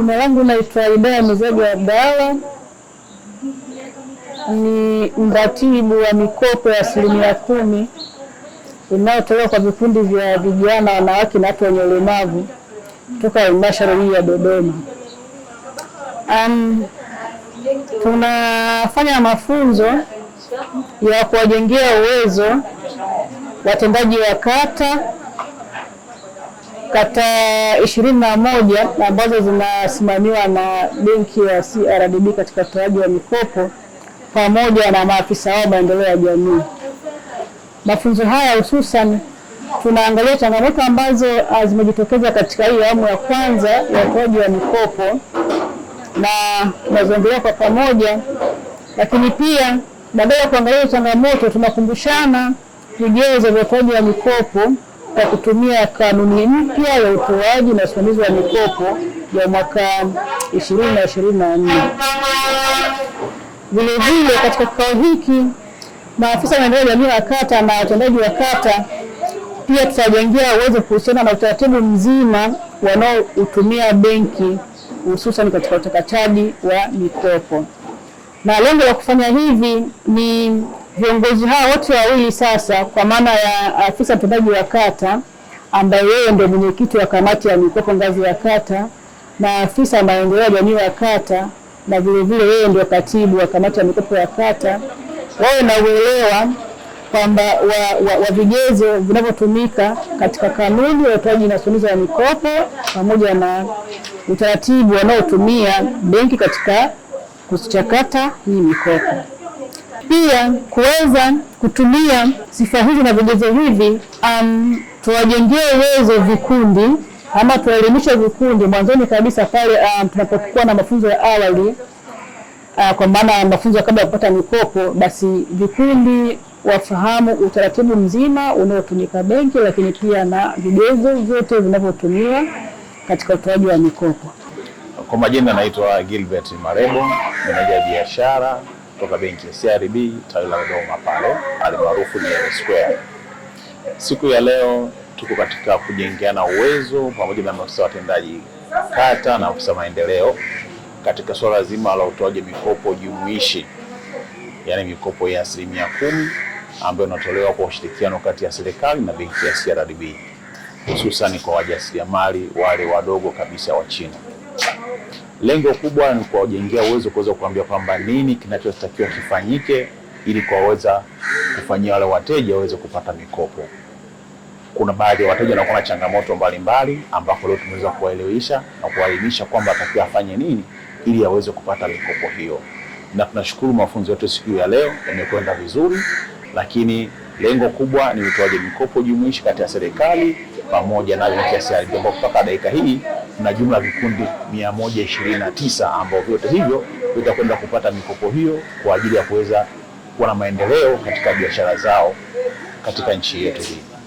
Jina langu naitwa Idaya Muzage wa Abdala, ni mratibu wa mikopo ya asilimia kumi inayotolewa kwa vikundi vya vijana, wanawake na watu wenye ulemavu kutoka halmashauri hii ya Dodoma. Um, tunafanya mafunzo ya kuwajengea uwezo watendaji wa kata kata ishirini na moja ambazo zinasimamiwa na benki ya CRDB katika utoaji wa mikopo pamoja na maafisa wao maendeleo ya jamii. Mafunzo haya hususan tunaangalia changamoto ambazo ah, zimejitokeza katika hii awamu ya kwanza ya utoaji wa mikopo na tunaziongelea kwa pamoja, lakini pia baada ya kuangalia changamoto tunakumbushana vigezo vya utoaji wa mikopo kwa kutumia kanuni mpya ya utoaji na usimamizi wa mikopo ya mwaka 2024. Vilevile, katika kikao hiki maafisa wa maendeleo ya jamii ya kata na watendaji wa kata pia tutawajengea uwezo kuhusiana na utaratibu mzima wanaoutumia benki hususan katika utakatishaji wa mikopo, na lengo la kufanya hivi ni Viongozi hao wote wawili sasa, kwa maana ya afisa mtendaji wa kata ambaye yeye ndio mwenyekiti wa kamati ya mikopo ngazi ya kata na afisa maendeleo ya jamii wa kata na vilevile yeye ndio katibu wa kamati ya mikopo ya kata, wawe na uelewa kwamba wa, wa, wa vigezo vinavyotumika katika kanuni ya utoaji na usimamizi wa mikopo pamoja na utaratibu wanaotumia benki katika kuchakata hii mikopo pia kuweza kutumia sifa hizi na vigezo hivi um, tuwajengee uwezo vikundi ama tuwaelimishe vikundi mwanzoni kabisa pale um, tunapokuwa na mafunzo ya awali uh, kwa maana ya mafunzo kabla ya kupata mikopo, basi vikundi wafahamu utaratibu mzima unaotumika benki, lakini pia na vigezo vyote vinavyotumiwa katika utoaji wa mikopo. Kwa majina, naitwa Gilbert Marebo, meneja biashara kutoka benki ya CRB tawi la Dodoma pale alimaarufu ni Square. Siku ya leo tuko katika kujengeana uwezo pamoja na maafisa watendaji kata na afisa maendeleo katika swala zima la utoaji mikopo jumuishi, yaani mikopo ya asilimia kumi ambayo inatolewa kwa ushirikiano kati ya serikali na benki ya CRDB hususan kwa wajasiriamali wale wadogo kabisa wa chini. Lengo kubwa ni kuwajengea uwezo kuweza kuambia kwamba nini kinachotakiwa kifanyike ili kuwaweza kufanyia wale wateja waweze kupata mikopo. Kuna baadhi ya wateja wanakuwa na changamoto mbalimbali, ambapo leo tumeweza kuwaelewesha na kuwaelimisha kwamba atakiwa afanye nini ili aweze kupata mikopo hiyo, na tunashukuru mafunzo yetu siku ya leo yamekwenda vizuri, lakini lengo kubwa ni utoaji mikopo jumuishi kati ya serikali pamoja na halmashauri ya ardhi, ambapo mpaka dakika hii na jumla vikundi 129 ambao vyote hivyo vitakwenda kupata mikopo hiyo kwa ajili ya kuweza kuwa na maendeleo katika biashara zao katika nchi yetu hii.